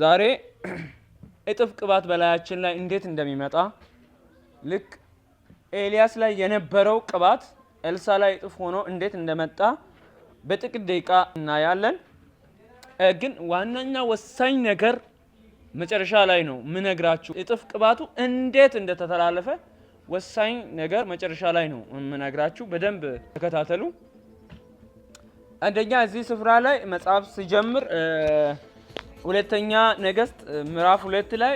ዛሬ እጥፍ ቅባት በላያችን ላይ እንዴት እንደሚመጣ ልክ ኤልያስ ላይ የነበረው ቅባት ኤልሳ ላይ እጥፍ ሆኖ እንዴት እንደመጣ በጥቂት ደቂቃ እናያለን። ግን ዋናኛ ወሳኝ ነገር መጨረሻ ላይ ነው ምነግራችሁ። እጥፍ ቅባቱ እንዴት እንደተተላለፈ ወሳኝ ነገር መጨረሻ ላይ ነው የምነግራችሁ። በደንብ ተከታተሉ። አንደኛ እዚህ ስፍራ ላይ መጽሐፍ ሲጀምር ሁለተኛ ነገስት ምዕራፍ ሁለት ላይ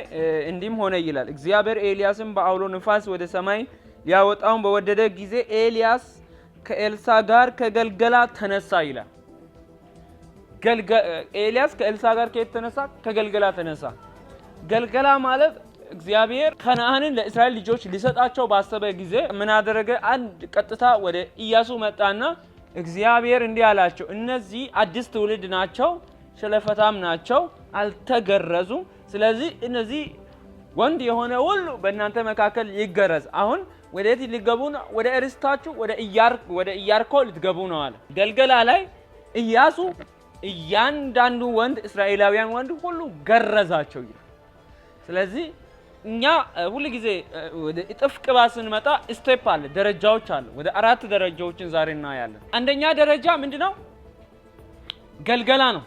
እንዲህም ሆነ ይላል፣ እግዚአብሔር ኤልያስን በአውሎ ንፋስ ወደ ሰማይ ሊያወጣውን በወደደ ጊዜ ኤልያስ ከኤልሳ ጋር ከገልገላ ተነሳ ይላል። ኤልያስ ከኤልሳ ጋር ከየት ተነሳ? ከገልገላ ተነሳ። ገልገላ ማለት እግዚአብሔር ከነአንን ለእስራኤል ልጆች ሊሰጣቸው ባሰበ ጊዜ ምን አደረገ? አንድ ቀጥታ ወደ ኢያሱ መጣና እግዚአብሔር እንዲህ አላቸው፣ እነዚህ አዲስ ትውልድ ናቸው ስለፈታም ናቸው አልተገረዙም። ስለዚህ እነዚህ ወንድ የሆነ ሁሉ በእናንተ መካከል ይገረዝ። አሁን የት ሊገቡ ነው? ወደ እርስታችሁ ወደ ኢያሪኮ ልትገቡ ነው አለ። ገልገላ ላይ እያሱ እያንዳንዱ ወንድ እስራኤላውያን ወንድ ሁሉ ገረዛቸው ስለዚህ እኛ ሁል ጊዜ ወደ እጥፍ ቅባት ስንመጣ ስቴፕ አለ፣ ደረጃዎች አለ። ወደ አራት ደረጃዎችን ዛሬ እናያለን። አንደኛ ደረጃ ምንድነው? ገልገላ ነው።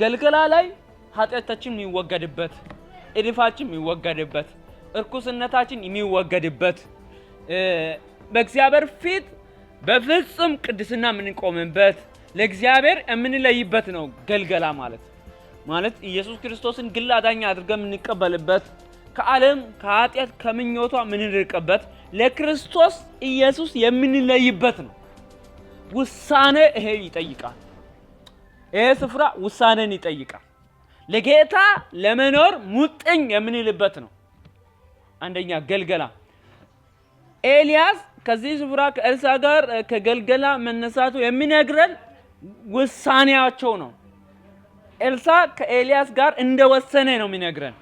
ገልገላ ላይ ኃጢአታችን የሚወገድበት፣ እድፋችን የሚወገድበት፣ እርኩስነታችን የሚወገድበት በእግዚአብሔር ፊት በፍጹም ቅድስና የምንቆምበት ለእግዚአብሔር የምንለይበት ነው። ገልገላ ማለት ማለት ኢየሱስ ክርስቶስን ግል አዳኝ አድርገን የምንቀበልበት ከዓለም ከኃጢአት ከምኞቷ የምንርቅበት ለክርስቶስ ኢየሱስ የምንለይበት ነው። ውሳኔ ይሄ ይጠይቃል። ይሄ ስፍራ ውሳኔን ይጠይቃል። ለጌታ ለመኖር ሙጥኝ የምንልበት ነው። አንደኛ ገልገላ ኤልያስ ከዚህ ስፍራ ከእርሳ ጋር ከገልገላ መነሳቱ የሚነግረን ውሳኔያቸው ነው። ኤልሳ ከኤልያስ ጋር እንደወሰነ ነው የሚነግረን።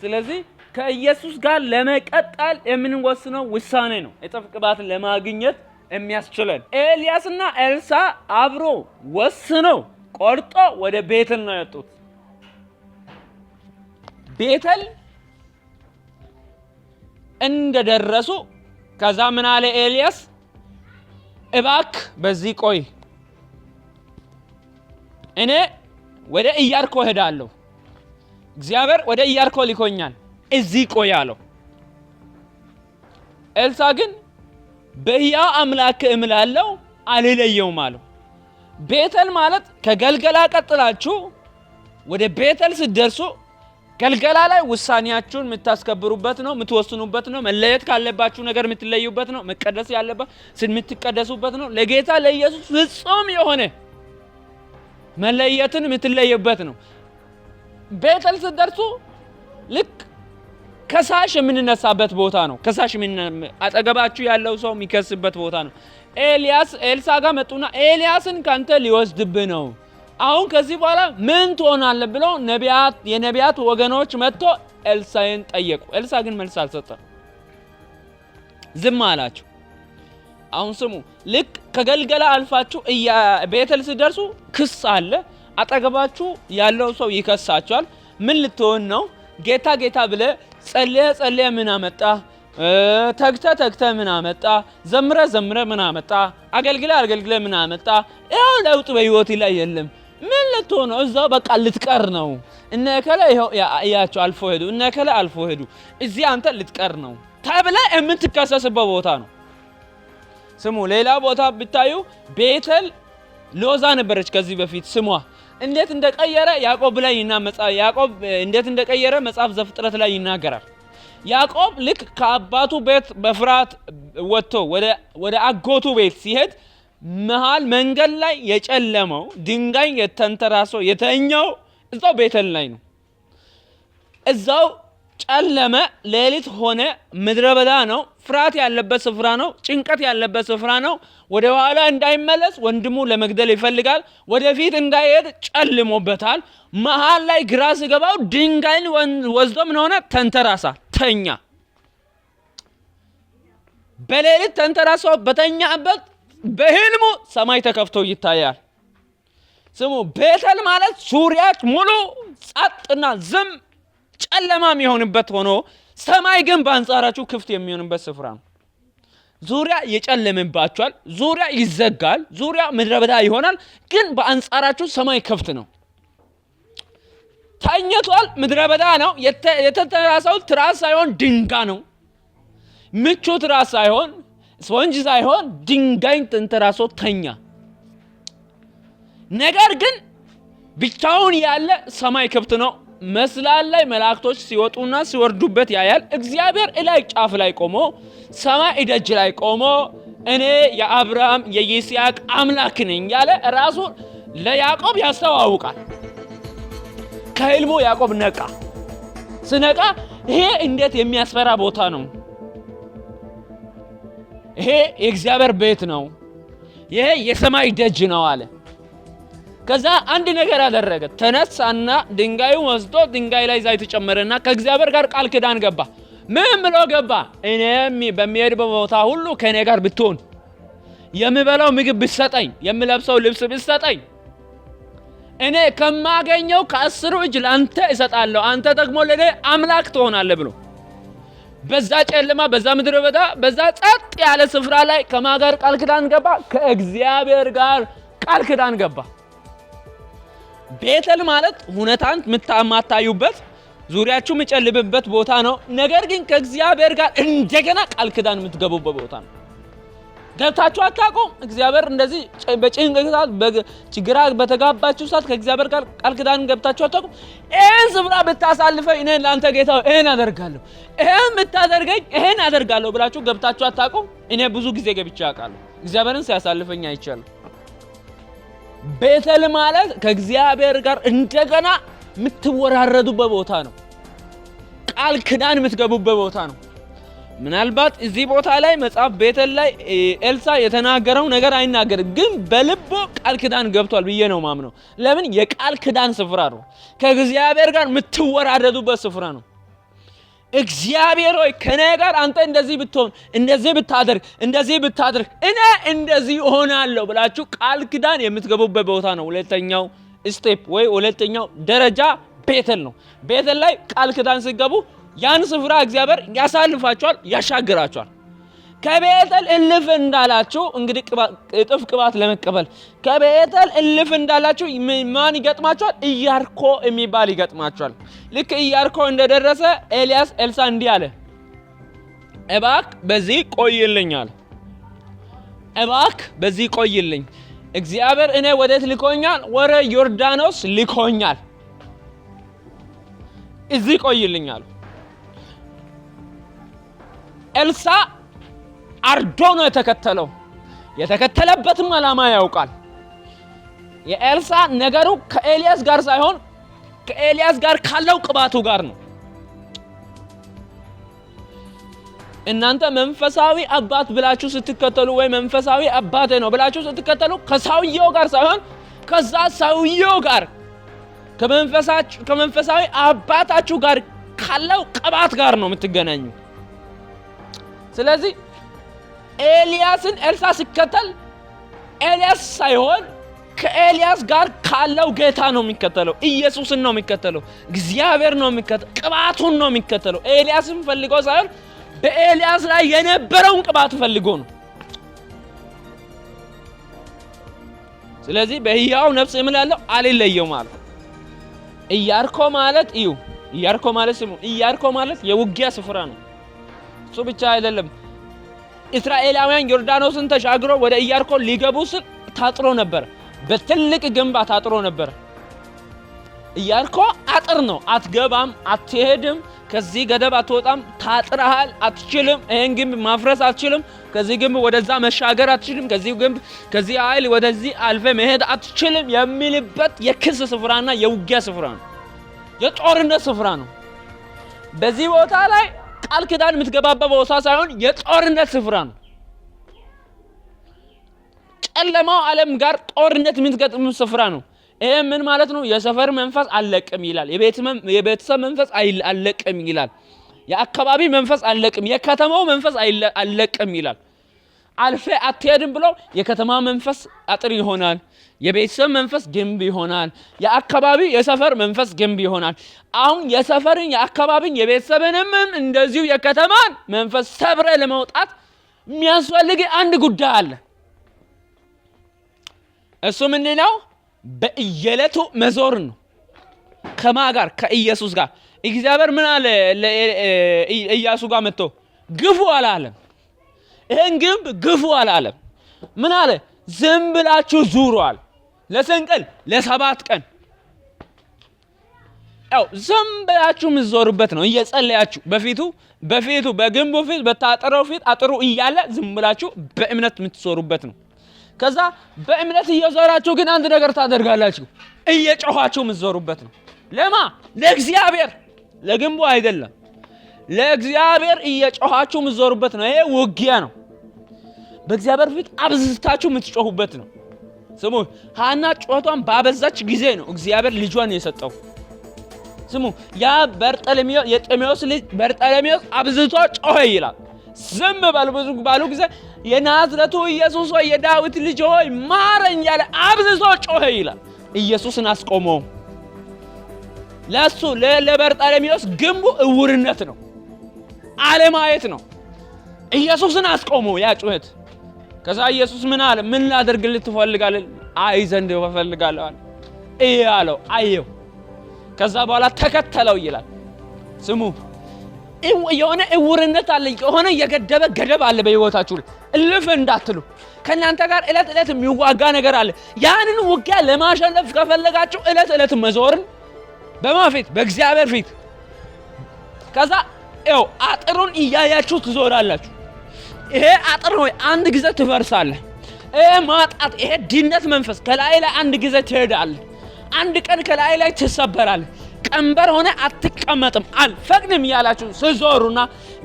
ስለዚህ ከኢየሱስ ጋር ለመቀጠል የምንወስነው ውሳኔ ነው። የጠፍ ቅባትን ለማግኘት የሚያስችለን ኤልያስና ኤልሳ አብሮ ወስነው ቆርጦ ወደ ቤተል ነው የወጡት። ቤተል እንደደረሱ ከዛ ምን አለ ኤልያስ፣ እባክ በዚህ ቆይ፣ እኔ ወደ ኢያርኮ እሄዳለሁ። እግዚአብሔር ወደ ኢያርኮ ልኮኛል፣ እዚህ ቆይ አለው። ኤልሳ ግን በሕያው አምላክ እምላለሁ አልለየውም አለው። ቤተል ማለት ከገልገላ ቀጥላችሁ ወደ ቤተል ስትደርሱ ገልገላ ላይ ውሳኔያችሁን የምታስከብሩበት ነው፣ የምትወስኑበት ነው። መለየት ካለባችሁ ነገር የምትለዩበት ነው። መቀደስ ያለባት የምትቀደሱበት ነው። ለጌታ ለኢየሱስ ፍጹም የሆነ መለየትን የምትለዩበት ነው። ቤተል ስትደርሱ ልክ ከሳሽ የምንነሳበት ቦታ ነው። ከሳሽ አጠገባችሁ ያለው ሰው የሚከስበት ቦታ ነው። ኤልያስ ኤልሳ ጋር መጡና ኤልያስን ካንተ ሊወስድብ ነው፣ አሁን ከዚህ በኋላ ምን ትሆናለህ ብለው ነቢያት የነቢያት ወገኖች መጥቶ ኤልሳይን ጠየቁ። ኤልሳ ግን መልስ አልሰጠም፣ ዝም አላቸው። አሁን ስሙ፣ ልክ ከገልገላ አልፋችሁ ቤተል ሲደርሱ ክስ አለ። አጠገባችሁ ያለው ሰው ይከሳቸዋል። ምን ልትሆን ነው? ጌታ ጌታ ብለ ጸልየ ጸልየ ምን አመጣ ተግተ ተግተ ምን አመጣ? ዘምረ ዘምረ ምን አመጣ? አገልግለ አገልግለ ምን አመጣ? ያው ለውጥ በህይወት ላይ የለም። ምን ልትሆን ነው? እዛው በቃ ልትቀር ነው። እነ ከለ እያቸው አልፎ ሄዱ፣ እነ ከለ አልፎ ሄዱ። እዚህ አንተ ልትቀር ነው ተብለ የምትከሰስበት ቦታ ነው። ስሙ ሌላ ቦታ ብታዩ ቤተል ሎዛ ነበረች ከዚህ በፊት ስሟ እንዴት እንደቀየረ ያዕቆብ ላይ ያዕቆብ እንዴት እንደቀየረ መጽሐፍ ዘፍጥረት ላይ ይናገራል። ያዕቆብ ልክ ከአባቱ ቤት በፍርሃት ወጥቶ ወደ አጎቱ ቤት ሲሄድ መሀል መንገድ ላይ የጨለመው ድንጋይ የተንተራሰው የተኛው እዛው ቤተል ላይ ነው። እዛው ጨለመ፣ ሌሊት ሆነ፣ ምድረ በዳ ነው፣ ፍርሃት ያለበት ስፍራ ነው፣ ጭንቀት ያለበት ስፍራ ነው። ወደ ኋላ እንዳይመለስ ወንድሙ ለመግደል ይፈልጋል፣ ወደፊት እንዳይሄድ ጨልሞበታል። መሀል ላይ ግራ ሲገባው ድንጋይን ወስዶ ምን ሆነ? ተንተራሳ፣ ተኛ። በሌሊት ተንተራሶ በተኛበት በህልሙ ሰማይ ተከፍቶ ይታያል። ስሙ ቤተል ማለት ሱሪያ ሙሉ ጸጥና ዝም ጨለማ የሚሆንበት ሆኖ ሰማይ ግን በአንጻራችሁ ክፍት የሚሆንበት ስፍራ ነው። ዙሪያ የጨለምባችኋል፣ ዙሪያ ይዘጋል፣ ዙሪያ ምድረ በዳ ይሆናል። ግን በአንጻራችሁ ሰማይ ክፍት ነው። ተኝቷል፣ ምድረ በዳ ነው። የተተራሰው ትራስ ሳይሆን ድንጋ ነው። ምቹ ትራስ ሳይሆን ስፖንጅ ሳይሆን ድንጋይ ተንተራሶ ተኛ። ነገር ግን ብቻውን ያለ ሰማይ ክፍት ነው። መስላል ላይ መላእክቶች ሲወጡና ሲወርዱበት ያያል። እግዚአብሔር እላይ ጫፍ ላይ ቆሞ ሰማይ ደጅ ላይ ቆሞ እኔ የአብርሃም የይስሐቅ አምላክ ነኝ ያለ ራሱ ለያዕቆብ ያስተዋውቃል። ከህልሙ ያዕቆብ ነቃ። ስነቃ ይሄ እንዴት የሚያስፈራ ቦታ ነው! ይሄ የእግዚአብሔር ቤት ነው። ይሄ የሰማይ ደጅ ነው አለ። ከዛ አንድ ነገር አደረገ። ተነሳና ድንጋዩ ወስዶ ድንጋይ ላይ ዘይት ጨመረና ከእግዚአብሔር ጋር ቃል ኪዳን ገባ። ምን ብሎ ገባ? እኔም በሚሄድ ቦታ ሁሉ ከእኔ ጋር ብትሆን፣ የሚበላው ምግብ ብሰጠኝ፣ የሚለብሰው ልብስ ብሰጠኝ፣ እኔ ከማገኘው ከአስሩ እጅ ለአንተ እሰጣለሁ፣ አንተ ደግሞ ለእኔ አምላክ ትሆናለህ ብሎ በዛ ጨለማ በዛ ምድረ በዳ በዛ ጸጥ ያለ ስፍራ ላይ ከማጋር ጋር ቃል ኪዳን ገባ? ከእግዚአብሔር ጋር ቃል ኪዳን ገባ። ቤተል ማለት ሁነታን የማታዩበት ዙሪያችሁ የምጨልብበት ቦታ ነው። ነገር ግን ከእግዚአብሔር ጋር እንደገና ቃል ኪዳን የምትገቡበት ቦታ ነው። ገብታችሁ አታውቁም። እግዚአብሔር እንደዚህ በጭንቅላት በችግራ በተጋባችሁ ሰዓት ከእግዚአብሔር ጋር ቃል ኪዳን ገብታችሁ አታውቁም። ይህን ስፍራ ብታሳልፈኝ እኔን ለአንተ ጌታ ይህን አደርጋለሁ፣ ይህን ብታደርገኝ ይህን አደርጋለሁ ብላችሁ ገብታችሁ አታውቁም። እኔ ብዙ ጊዜ ገብቼ አውቃለሁ። እግዚአብሔርን ሲያሳልፈኝ አይቻለሁ። ቤተል ማለት ከእግዚአብሔር ጋር እንደገና የምትወራረዱበት ቦታ ነው። ቃል ክዳን የምትገቡበት ቦታ ነው። ምናልባት እዚህ ቦታ ላይ መጽሐፍ ቤተል ላይ ኤልሳ የተናገረው ነገር አይናገርም፣ ግን በልቦ ቃል ክዳን ገብቷል ብዬ ነው ማምነው። ለምን? የቃል ክዳን ስፍራ ነው። ከእግዚአብሔር ጋር የምትወራረዱበት ስፍራ ነው። እግዚአብሔር ሆይ ከእኔ ጋር አንተ እንደዚህ ብትሆን፣ እንደዚህ ብታደርግ፣ እንደዚህ ብታደርግ እኔ እንደዚህ እሆናለሁ ብላችሁ ቃል ኪዳን የምትገቡበት ቦታ ነው። ሁለተኛው ስቴፕ ወይ ሁለተኛው ደረጃ ቤተል ነው። ቤተል ላይ ቃል ኪዳን ሲገቡ ያን ስፍራ እግዚአብሔር ያሳልፋቸዋል፣ ያሻግራቸዋል። ከቤተል እልፍ እንዳላችሁ እንግዲህ እጥፍ ቅባት ለመቀበል ከቤተል እልፍ እንዳላችሁ ማን ይገጥማችኋል? እያርኮ የሚባል ይገጥማችኋል። ልክ እያርኮ እንደደረሰ ኤልያስ ኤልሳ እንዲህ አለ፣ እባክ በዚህ ቆይልኝ አለ። እባክ በዚህ ቆይልኝ፣ እግዚአብሔር እኔ ወዴት ልኮኛል? ወደ ዮርዳኖስ ልኮኛል። እዚህ ቆይልኛል ኤልሳ አርዶ ነው የተከተለው። የተከተለበትም ዓላማ ያውቃል። የኤልሳ ነገሩ ከኤልያስ ጋር ሳይሆን ከኤልያስ ጋር ካለው ቅባቱ ጋር ነው። እናንተ መንፈሳዊ አባት ብላችሁ ስትከተሉ ወይ መንፈሳዊ አባቴ ነው ብላችሁ ስትከተሉ ከሰውየው ጋር ሳይሆን ከዛ ሰውየው ጋር ከመንፈሳዊ አባታችሁ ጋር ካለው ቅባት ጋር ነው የምትገናኙ። ስለዚህ ኤልያስን ኤልሳ ሲከተል ኤልያስ ሳይሆን ከኤልያስ ጋር ካለው ጌታ ነው የሚከተለው። ኢየሱስን ነው የሚከተለው። እግዚአብሔር ነው የሚከተለው። ቅባቱን ነው የሚከተለው። ኤልያስን ፈልጎ ሳይሆን በኤልያስ ላይ የነበረውን ቅባት ፈልጎ ነው። ስለዚህ በህያው ነፍስ የምን ያለው አልለየው ማለት ኢያሪኮ ማለት እዩ፣ ኢያሪኮ ማለት ስሙ፣ ኢያሪኮ ማለት የውጊያ ስፍራ ነው። እሱ ብቻ አይደለም። እስራኤላውያን ዮርዳኖስን ተሻግሮ ወደ ኢያሪኮ ሊገቡ ስል ታጥሮ ነበር። በትልቅ ግንብ ታጥሮ ነበር። ኢያሪኮ አጥር ነው። አትገባም፣ አትሄድም፣ ከዚህ ገደብ አትወጣም፣ ታጥረሃል፣ አትችልም፣ ይህን ግንብ ማፍረስ አትችልም፣ ከዚህ ግንብ ወደዛ መሻገር አትችልም፣ ከዚህ ግንብ ከዚህ ኃይል ወደዚህ አልፈ መሄድ አትችልም የሚልበት የክስ ስፍራና የውጊያ ስፍራ ነው፣ የጦርነት ስፍራ ነው። በዚህ ቦታ ላይ ቃል ኪዳን የምትገባበት ቦታ ሳይሆን የጦርነት ስፍራ ነው። ጨለማው ዓለም ጋር ጦርነት የምትገጥም ስፍራ ነው። ይህ ምን ማለት ነው? የሰፈር መንፈስ አለቅም ይላል። የቤተሰብ መንፈስ አለቅም ይላል። የአካባቢ መንፈስ አለቅም የከተማው መንፈስ አለቅም ይላል። አልፌ አትሄድም ብሎ የከተማ መንፈስ አጥር ይሆናል። የቤተሰብ መንፈስ ግንብ ይሆናል። የአካባቢ የሰፈር መንፈስ ግንብ ይሆናል። አሁን የሰፈርን የአካባቢን የቤተሰብንም እንደዚሁ የከተማን መንፈስ ሰብረ ለመውጣት የሚያስፈልግ አንድ ጉዳይ አለ። እሱ ምንድን ነው? በእየለቱ መዞር ነው። ከማ ጋር ከኢየሱስ ጋር እግዚአብሔር ምን አለ? ኢያሱ ጋር መጥቶ ግፉ አላለም። ይህን ግንብ ግፉ አላለም። ምን አለ? ዝም ብላችሁ ዙሯል። ለስንቅል ለሰባት ቀን ያው ዝም ብላችሁ የምትዞሩበት ነው እየጸለያችሁ በፊቱ በፊቱ በግንቡ ፊት በታጠረው ፊት አጥሩ እያለ ዝም ብላችሁ በእምነት የምትዞሩበት ነው። ከዛ በእምነት እየዞራችሁ ግን አንድ ነገር ታደርጋላችሁ፣ እየጮኋችሁ የምትዞሩበት ነው። ለማ ለእግዚአብሔር፣ ለግንቡ አይደለም፣ ለእግዚአብሔር እየጮኋችሁ የምትዞሩበት ነው። ይሄ ውጊያ ነው። በእግዚአብሔር ፊት አብዝታችሁ የምትጮሁበት ነው። ስሙ ሃና ጩኸቷን ባበዛች ጊዜ ነው እግዚአብሔር ልጇን የሰጠው። ስሙ ያ የጤሜዎስ ልጅ በርጠለሜዎስ አብዝቶ ጮኸ ይላል። ዝም በል ብዙ ባሉ ጊዜ የናዝረቱ ኢየሱስ ሆይ የዳዊት ልጅ ሆይ ማረኝ ያለ አብዝቶ ጮኸ ይላል። ኢየሱስን አስቆመው። ለሱ ለበርጠለሜዎስ ግንቡ እውርነት ነው፣ አለማየት ነው። ኢየሱስን አስቆመው ያ ጩኸት ከዛ ኢየሱስ ምን አለ? ምን ላደርግልህ ትፈልጋለህ? አይ ዘንድ እፈልጋለሁ አለ። እይ አለው። አየው። ከዛ በኋላ ተከተለው ይላል። ስሙ የሆነ እውርነት አለ። የሆነ የገደበ ገደብ አለ በህይወታችሁ ላይ። እልፍ እንዳትሉ ከእናንተ ጋር እለት እለት የሚዋጋ ነገር አለ። ያንን ውጊያ ለማሸነፍ ከፈለጋችሁ እለት እለት መዞርን በማፊት በእግዚአብሔር ፊት። ከዛ ው አጥሩን እያያችሁ ትዞራላችሁ። ይሄ አጥር ሆይ አንድ ጊዜ ትፈርሳለህ። ይሄ ማጣት፣ ይሄ ድህነት መንፈስ ከላይ ላይ አንድ ጊዜ ትሄዳል። አንድ ቀን ከላይ ላይ ትሰበራል ቀንበር ሆነ አትቀመጥም። አልፈቅድም እያላችሁ ስዞሩና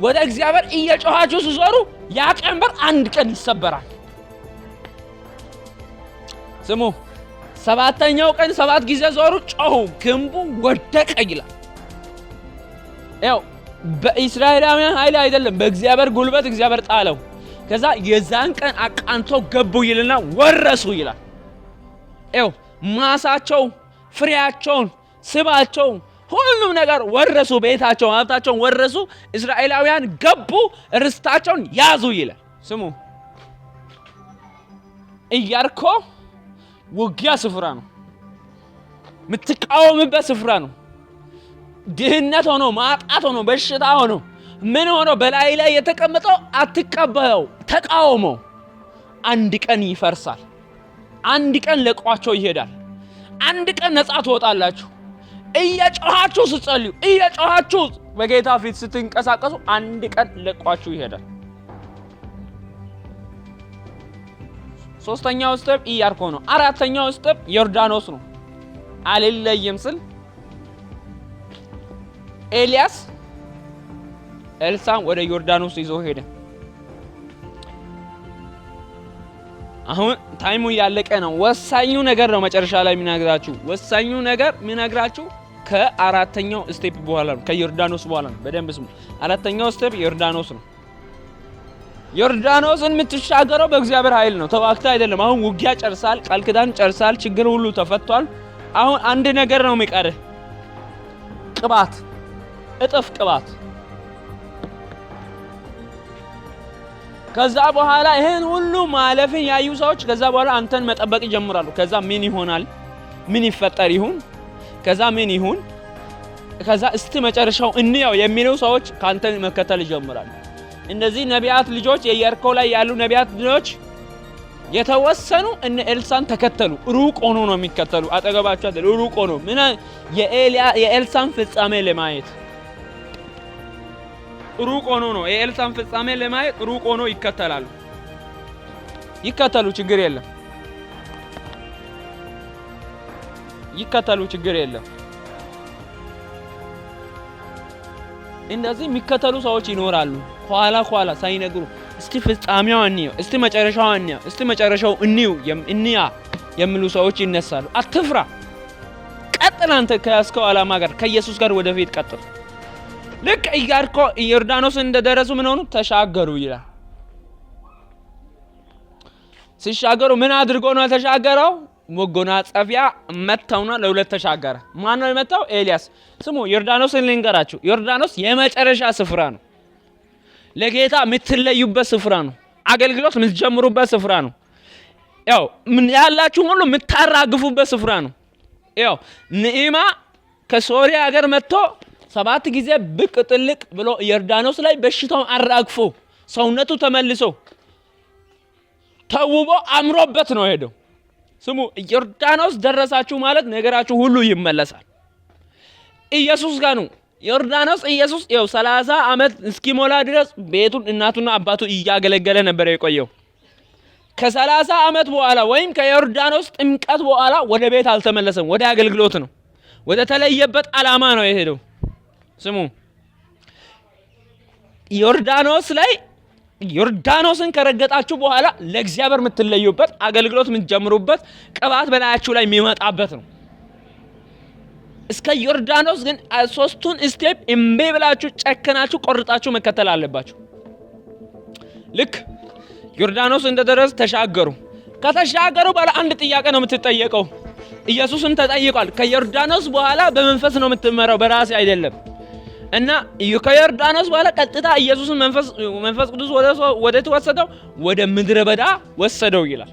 ወደ እግዚአብሔር እየጮኋችሁ ስዞሩ ያ ቀንበር አንድ ቀን ይሰበራል። ስሙ። ሰባተኛው ቀን ሰባት ጊዜ ዞሩ፣ ጮሁ፣ ግንቡ ወደቀ ይላል። በእስራኤላውያን ኃይል አይደለም፣ በእግዚአብሔር ጉልበት እግዚአብሔር ጣለው። ከዛ የዛን ቀን አቃንቶ ገቡ ይልና ወረሱ ይላል። ው ማሳቸው፣ ፍሬያቸውን፣ ስባቸው፣ ሁሉም ነገር ወረሱ። ቤታቸውን፣ ሀብታቸውን ወረሱ። እስራኤላውያን ገቡ፣ ርስታቸውን ያዙ ይላል። ስሙ ኢያሪኮ ውጊያ ስፍራ ነው፣ የምትቃወምበት ስፍራ ነው። ድህነት ሆኖ ማጣት ሆኖ በሽታ ሆኖ ምን ሆኖ በላይ ላይ የተቀመጠው አትቀበለው፣ ተቃውሞ አንድ ቀን ይፈርሳል። አንድ ቀን ለቋቸው ይሄዳል። አንድ ቀን ነፃ ትወጣላችሁ። እየጮኻችሁ ስትጸልዩ፣ እየጮኻችሁ በጌታ ፊት ስትንቀሳቀሱ አንድ ቀን ለቋችሁ ይሄዳል። ሶስተኛው ስቴፕ ኢያሪኮ ነው። አራተኛው ስቴፕ ዮርዳኖስ ነው። አልለይም ስል ኤልያስ ኤልሳን ወደ ዮርዳኖስ ይዞ ሄደ። አሁን ታይሙ እያለቀ ነው። ወሳኙ ነገር ነው መጨረሻ ላይ የሚነግራችሁ። ወሳኙ ነገር የሚነግራችሁ ከአራተኛው ስቴፕ በኋላ ነው፣ ከዮርዳኖስ በኋላ ነው። በደንብ ስሙ። አራተኛው ስቴፕ ዮርዳኖስ ነው። ዮርዳኖስን የምትሻገረው በእግዚአብሔር ኃይል ነው፣ ተዋክተ አይደለም። አሁን ውጊያ ጨርሳል፣ ቃል ኪዳን ጨርሳል፣ ችግር ሁሉ ተፈቷል። አሁን አንድ ነገር ነው የሚቀርህ ቅባት እጥፍ ቅባት። ከዛ በኋላ ይህን ሁሉ ማለፍን ያዩ ሰዎች ከዛ በኋላ አንተን መጠበቅ ይጀምራሉ። ከዛ ምን ይሆናል? ምን ይፈጠር ይሁን? ከዛ ምን ይሁን? ከዛ እስቲ መጨረሻው እንያው የሚሉ ሰዎች ከአንተን መከተል ይጀምራሉ። እነዚህ ነቢያት ልጆች የኢያሪኮ ላይ ያሉ ነቢያት ልጆች የተወሰኑ እነ ኤልሳን ተከተሉ። ሩቅ ሆኖ ነው የሚከተሉ፣ አጠገባቸው ሩቅ ሆኖ ምን የኤልሳን ፍጻሜ ለማየት ሩቅ ሆኖ ነው የኤልሳን ፍጻሜ ለማየት ሩቅ ሆኖ ይከተላሉ ይከተሉ ችግር የለም ይከተሉ ችግር የለም። እንደዚህ የሚከተሉ ሰዎች ይኖራሉ። ኋላ ኋላ ሳይነግሩ እስቲ ፍጻሜዋ እንየው፣ እስቲ መጨረሻው እንየው፣ እስቲ መጨረሻው እንዩ እንያ የሚሉ ሰዎች ይነሳሉ። አትፍራ። ቀጥል። አንተ ከያዝከው ዓላማ ጋር ከኢየሱስ ጋር ወደፊት ቀጥል። ልክ ኢያሪኮ ዮርዳኖስ እንደደረሱ ምን ሆኑ? ተሻገሩ ይላል። ሲሻገሩ ምን አድርጎ ነው የተሻገረው? መጎናጸፊያ መታውና ለሁለት ተሻገረ። ማን ነው የመታው? ኤልያስ። ስሙ ዮርዳኖስን ልንገራችሁ። ዮርዳኖስ የመጨረሻ ስፍራ ነው። ለጌታ የምትለዩበት ስፍራ ነው። አገልግሎት የምትጀምሩበት ስፍራ ነው። ያው ያላችሁን ሁሉ የምታራግፉበት ስፍራ ነው። ያው ንዕማ ከሶሪያ ሀገር መጥቶ ሰባት ጊዜ ብቅ ጥልቅ ብሎ ዮርዳኖስ ላይ በሽታውን አራግፎ ሰውነቱ ተመልሶ ተውቦ አምሮበት ነው ሄደው። ስሙ ዮርዳኖስ ደረሳችሁ ማለት ነገራችሁ ሁሉ ይመለሳል። ኢየሱስ ጋር ነው ዮርዳኖስ ኢየሱስ ይኸው ሰላሳ ዓመት እስኪሞላ ድረስ ቤቱን እናቱና አባቱ እያገለገለ ነበር የቆየው። ከሰላሳ ዓመት በኋላ ወይም ከዮርዳኖስ ጥምቀት በኋላ ወደ ቤት አልተመለሰም። ወደ አገልግሎት ነው፣ ወደ ተለየበት ዓላማ ነው የሄደው። ስሙ ዮርዳኖስ ላይ ዮርዳኖስን ከረገጣችሁ በኋላ ለእግዚአብሔር የምትለዩበት አገልግሎት የምትጀምሩበት ቅባት በላያችሁ ላይ የሚመጣበት ነው። እስከ ዮርዳኖስ ግን ሶስቱን ስቴፕ እምቢ ብላችሁ ጨክናችሁ ቆርጣችሁ መከተል አለባችሁ። ልክ ዮርዳኖስ እንደደረስ ተሻገሩ። ከተሻገሩ በኋላ አንድ ጥያቄ ነው የምትጠየቀው። ኢየሱስም ተጠይቋል። ከዮርዳኖስ በኋላ በመንፈስ ነው የምትመራው፣ በራሴ አይደለም። እና ከዮርዳኖስ በኋላ ቀጥታ ኢየሱስን መንፈስ ቅዱስ ወዴት ወሰደው? ወደ ምድረ በዳ ወሰደው ይላል።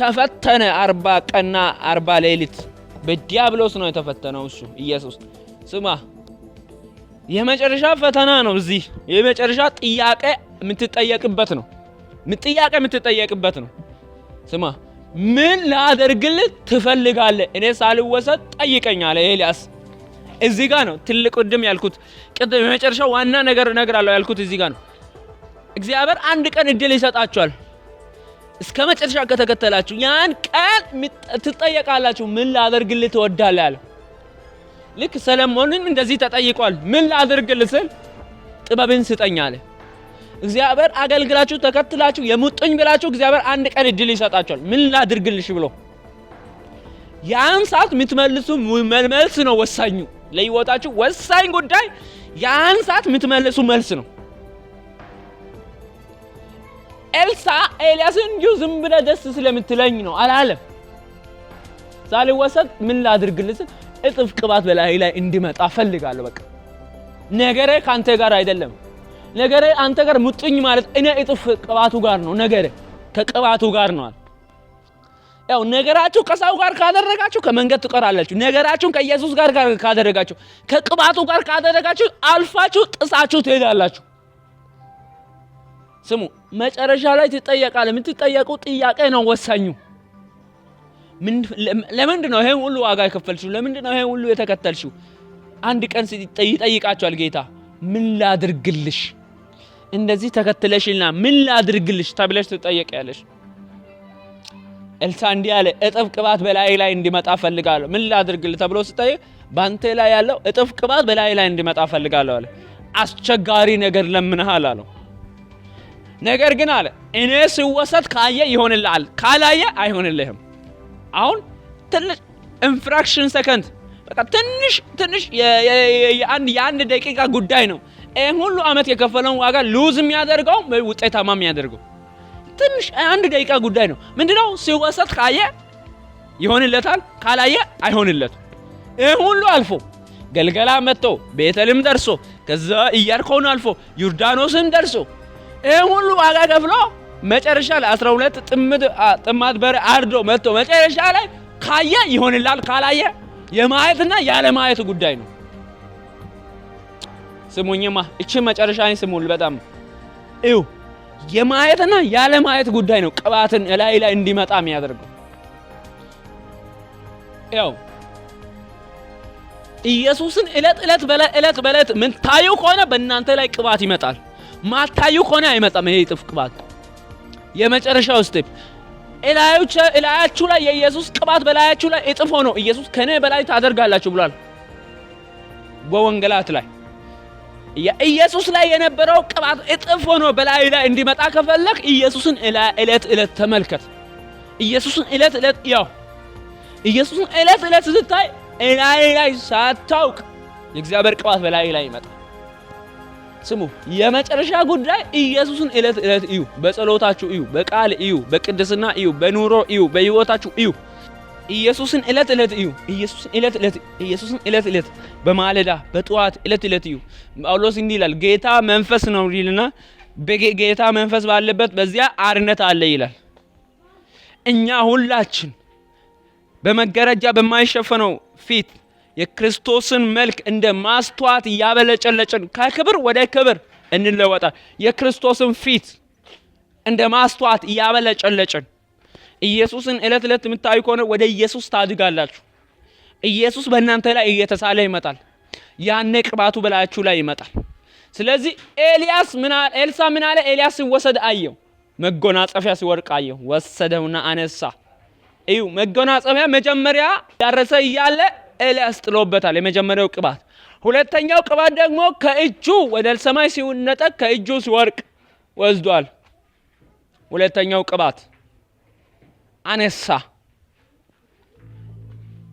ተፈተነ አርባ ቀንና አርባ ሌሊት በዲያብሎስ ነው የተፈተነው። እሱ ኢየሱስ ስማ፣ የመጨረሻ ፈተና ነው። እዚህ የመጨረሻ ጥያቄ የምትጠየቅበት ነው። ጥያቄ የምትጠየቅበት ነው። ስማ፣ ምን ላደርግልህ ትፈልጋለህ? እኔ ሳልወሰድ ጠይቀኛለ ኤልያስ እዚህ ጋር ነው ትልቅ ቅድም ያልኩት ቅድም የመጨረሻው ዋና ነገር እነግራለሁ ያልኩት እዚህ ጋር ነው። እግዚአብሔር አንድ ቀን እድል ይሰጣችኋል። እስከ መጨረሻ ከተከተላችሁ ያን ቀን ትጠየቃላችሁ። ምን ላደርግልህ ትወዳለህ ያለ ልክ ሰለሞንም እንደዚህ ተጠይቋል። ምን ላደርግልህ ስል ጥበብን ስጠኝ አለ። እግዚአብሔር አገልግላችሁ ተከትላችሁ የሙጡኝ ብላችሁ እግዚአብሔር አንድ ቀን እድል ይሰጣችኋል። ምን ላድርግልሽ ብሎ ያን ሰዓት የምትመልሱ መልመልስ ነው ወሳኙ። ለህይወታችሁ ወሳኝ ጉዳይ ያን ሰዓት የምትመልሱ መልስ ነው። ኤልሳ ኤልያስን እንዲሁ ዝም ብለህ ደስ ስለምትለኝ ነው አላለም። ሳልወሰድ ምን ላድርግልህ ስል እጥፍ ቅባት በላይ ላይ እንዲመጣ ፈልጋለሁ። በቃ ነገሬ ከአንተ ጋር አይደለም። ነገሬ አንተ ጋር ሙጥኝ ማለት እኔ እጥፍ ቅባቱ ጋር ነው። ነገሬ ከቅባቱ ጋር ነዋል። ያው ነገራችሁ ከሰው ጋር ካደረጋችሁ ከመንገድ ትቀራላችሁ። ነገራችሁን ከኢየሱስ ጋር ካደረጋችሁ ከቅባቱ ጋር ካደረጋችሁ አልፋችሁ ጥሳችሁ ትሄዳላችሁ። ስሙ፣ መጨረሻ ላይ ትጠየቃል። የምትጠየቁ ጥያቄ ነው ወሳኙ። ለምንድን ነው ይሄን ሁሉ ዋጋ የከፈልሽው? ለምንድን ነው ይሄን ሁሉ የተከተልሽው? አንድ ቀን ይጠይቃቸዋል ጌታ ምን ላድርግልሽ? እንደዚህ ተከትለሽና ምን ላድርግልሽ ተብለሽ ትጠየቅ ያለሽ ኤልሳ እንዲህ አለ፣ እጥፍ ቅባት በላይ ላይ እንዲመጣ ፈልጋለሁ። ምን ላድርግል ተብሎ ስጠይቅ ባንተ ላይ ያለው እጥፍ ቅባት በላይ ላይ እንዲመጣ ፈልጋለሁ አለ። አስቸጋሪ ነገር ለምንሃል አለው። ነገር ግን አለ እኔ ስወሰድ ካየ ይሆንልሃል፣ ካላየ አይሆንልህም። አሁን ትንሽ ኢንፍራክሽን ሰከንድ በቃ ትንሽ ትንሽ የአንድ ደቂቃ ጉዳይ ነው። ይህን ሁሉ ዓመት የከፈለውን ዋጋ ሉዝ የሚያደርገው ውጤታማ የሚያደርገው ትንሽ አንድ ደቂቃ ጉዳይ ነው። ምንድነው ሲወሰድ ካየ ይሆንለታል፣ ካላየ አይሆንለትም። ይህ ሁሉ አልፎ ገልገላ መጥቶ ቤተልም ደርሶ ከዛ ኢያሪኮን አልፎ ዮርዳኖስን ደርሶ ይህ ሁሉ ዋጋ ከፍሎ መጨረሻ ላይ 12 ጥምድ ጥማት በር አርዶ መጥቶ መጨረሻ ላይ ካየ ይሆንላል፣ ካላየ የማየትና ያለማየት ጉዳይ ነው። ስሙኝማ እቺ መጨረሻ ስሙል በጣም እዩ የማየትና ያለማየት ጉዳይ ነው። ቅባትን እላይ ላይ እንዲመጣ የሚያደርገው ያው ኢየሱስን እለት እለት በእለት በእለት ምታዩ ከሆነ በእናንተ ላይ ቅባት ይመጣል። ማታዩ ከሆነ አይመጣም። ይሄ ጥፍ ቅባት የመጨረሻው ስቴፕ እላያችሁ ላይ የኢየሱስ ቅባት በላያችሁ ላይ እጥፎ ነው ኢየሱስ ከኔ በላይ ታደርጋላችሁ ብሏል በወንጌላት ላይ ኢየሱስ ላይ የነበረው ቅባት እጥፍ ሆኖ በላይ ላይ እንዲመጣ ከፈለክ ኢየሱስን እለት እለት ተመልከት። ኢየሱስን እለት እለት ያው ኢየሱስን እለት እለት ስታይ እላይ ላይ ሳታውቅ የእግዚአብሔር ቅባት በላይ ላይ ይመጣል። ስሙ፣ የመጨረሻ ጉዳይ ኢየሱስን እለት እለት እዩ። በጸሎታችሁ እዩ፣ በቃል እዩ፣ በቅድስና እዩ፣ በኑሮ እዩ፣ በህይወታችሁ እዩ። ኢየሱስን እለት እለት እዩ። ኢየሱስን እለት እለት ኢየሱስን እለት እለት በማለዳ በጠዋት እለት እለት እዩ። ጳውሎስ እንዲህ ይላል፣ ጌታ መንፈስ ነው ይልና በጌታ መንፈስ ባለበት በዚያ አርነት አለ ይላል። እኛ ሁላችን በመጋረጃ በማይሸፈነው ፊት የክርስቶስን መልክ እንደ ማስተዋት እያበለጨለጭን ከክብር ወደ ክብር እንለወጣ የክርስቶስን ፊት እንደ ማስተዋት እያበለጨለጭን ኢየሱስን እለት እለት የምታዩ ከሆነ ወደ ኢየሱስ ታድጋላችሁ። ኢየሱስ በእናንተ ላይ እየተሳለ ይመጣል። ያነ ቅባቱ በላያችሁ ላይ ይመጣል። ስለዚህ ኤልያስ ኤልሳ ምን አለ? ኤልያስ ሲወሰድ አየው፣ መጎናጸፊያ ሲወርቅ አየው። ወሰደውና አነሳ። እዩ፣ መጎናጸፊያ መጀመሪያ ያረሰ እያለ ኤልያስ ጥሎበታል። የመጀመሪያው ቅባት። ሁለተኛው ቅባት ደግሞ ከእጁ ወደ ሰማይ ሲውነጠ ከእጁ ሲወርቅ ወስዷል። ሁለተኛው ቅባት አነሳ።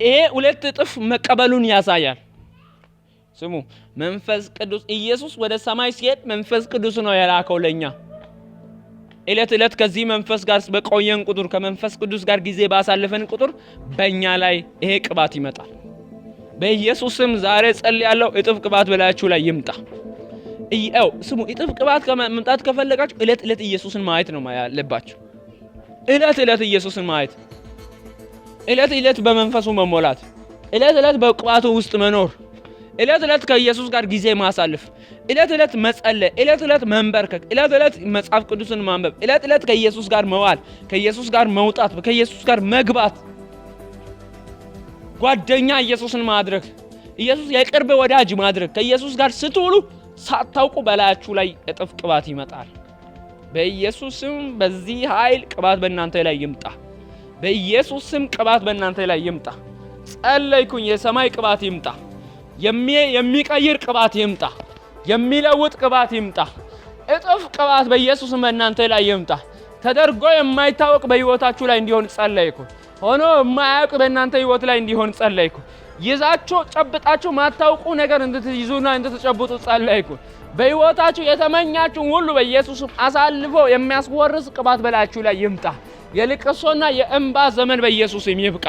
ይሄ ሁለት እጥፍ መቀበሉን ያሳያል። ስሙ መንፈስ ቅዱስ ኢየሱስ ወደ ሰማይ ሲሄድ መንፈስ ቅዱስ ነው የላከው ለእኛ። እለት እለት ከዚህ መንፈስ ጋር በቆየን ቁጥር ከመንፈስ ቅዱስ ጋር ጊዜ ባሳለፈን ቁጥር በእኛ ላይ ይሄ ቅባት ይመጣል። በኢየሱስም ዛሬ ጸል ያለው እጥፍ ቅባት በላያችሁ ላይ ይምጣ። ስሙ እጥፍ ቅባት መምጣት ከፈለጋችሁ እለት እለት ኢየሱስን ማየት ነው ያለባችሁ። እለት እለት ኢየሱስን ማየት፣ እለት እለት በመንፈሱ መሞላት፣ እለት እለት በቅባቱ ውስጥ መኖር፣ እለት እለት ከኢየሱስ ጋር ጊዜ ማሳለፍ፣ እለት እለት መጸለይ፣ እለት እለት መንበርከክ፣ እለት እለት መጽሐፍ ቅዱስን ማንበብ፣ እለት እለት ከኢየሱስ ጋር መዋል፣ ከኢየሱስ ጋር መውጣት፣ ከኢየሱስ ጋር መግባት፣ ጓደኛ ኢየሱስን ማድረግ፣ ኢየሱስ የቅርብ ወዳጅ ማድረግ፣ ከኢየሱስ ጋር ስትውሉ ሳታውቁ በላያችሁ ላይ እጥፍ ቅባት ይመጣል። በኢየሱስ ስም በዚህ ኃይል ቅባት በእናንተ ላይ ይምጣ። በኢየሱስም ስም ቅባት በእናንተ ላይ ይምጣ። ጸለይኩኝ። የሰማይ ቅባት ይምጣ። የሚቀይር ቅባት ይምጣ። የሚለውጥ ቅባት ይምጣ። እጥፍ ቅባት በኢየሱስም በእናንተ ላይ ይምጣ። ተደርጎ የማይታወቅ በሕይወታችሁ ላይ እንዲሆን ጸለይኩ። ሆኖ የማያውቅ በእናንተ ህይወት ላይ እንዲሆን ጸለይኩ። ይዛችሁ ጨብጣችሁ ማታውቁ ነገር እንድትይዙና እንድትጨብጡ ጸለይኩ። በሕይወታችሁ የተመኛችሁን ሁሉ በኢየሱስ አሳልፎ የሚያስወርስ ቅባት በላያችሁ ላይ ይምጣ። የልቅሶና የእንባ ዘመን በኢየሱስም ይብቃ።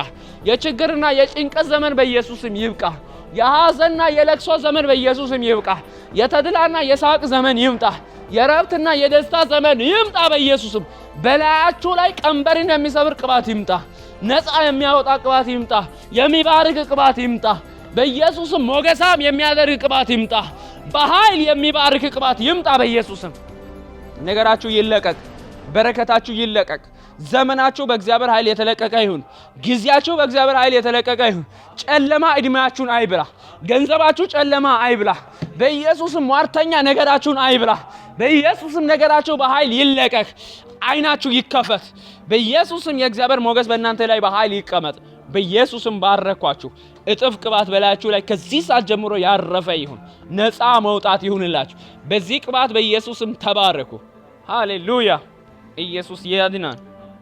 የችግርና የጭንቀት ዘመን በኢየሱስም ይብቃ። የሐዘንና የለቅሶ ዘመን በኢየሱስም ይብቃ። የተድላና የሳቅ ዘመን ይምጣ። የረብትና የደስታ ዘመን ይምጣ። በኢየሱስም በላያችሁ ላይ ቀንበርን የሚሰብር ቅባት ይምጣ። ነፃ የሚያወጣ ቅባት ይምጣ። የሚባርክ ቅባት ይምጣ። በኢየሱስም ሞገሳም የሚያደርግ ቅባት ይምጣ። በኃይል የሚባርክ ቅባት ይምጣ። በኢየሱስም ነገራችሁ ይለቀቅ፣ በረከታችሁ ይለቀቅ። ዘመናችሁ በእግዚአብሔር ኃይል የተለቀቀ ይሁን። ጊዜያችሁ በእግዚአብሔር ኃይል የተለቀቀ ይሁን። ጨለማ እድሜያችሁን አይብላ። ገንዘባችሁ ጨለማ አይብላ። በኢየሱስም ሟርተኛ ነገራችሁን አይብላ። በኢየሱስም ነገራችሁ በኃይል ይለቀቅ። አይናችሁ ይከፈት። በኢየሱስም የእግዚአብሔር ሞገስ በእናንተ ላይ በኃይል ይቀመጥ። በኢየሱስም ባረኳችሁ። እጥፍ ቅባት በላያችሁ ላይ ከዚህ ሰዓት ጀምሮ ያረፈ ይሁን። ነፃ መውጣት ይሁንላችሁ። በዚህ ቅባት በኢየሱስም ተባረኩ። ሃሌሉያ! ኢየሱስ ያድናል።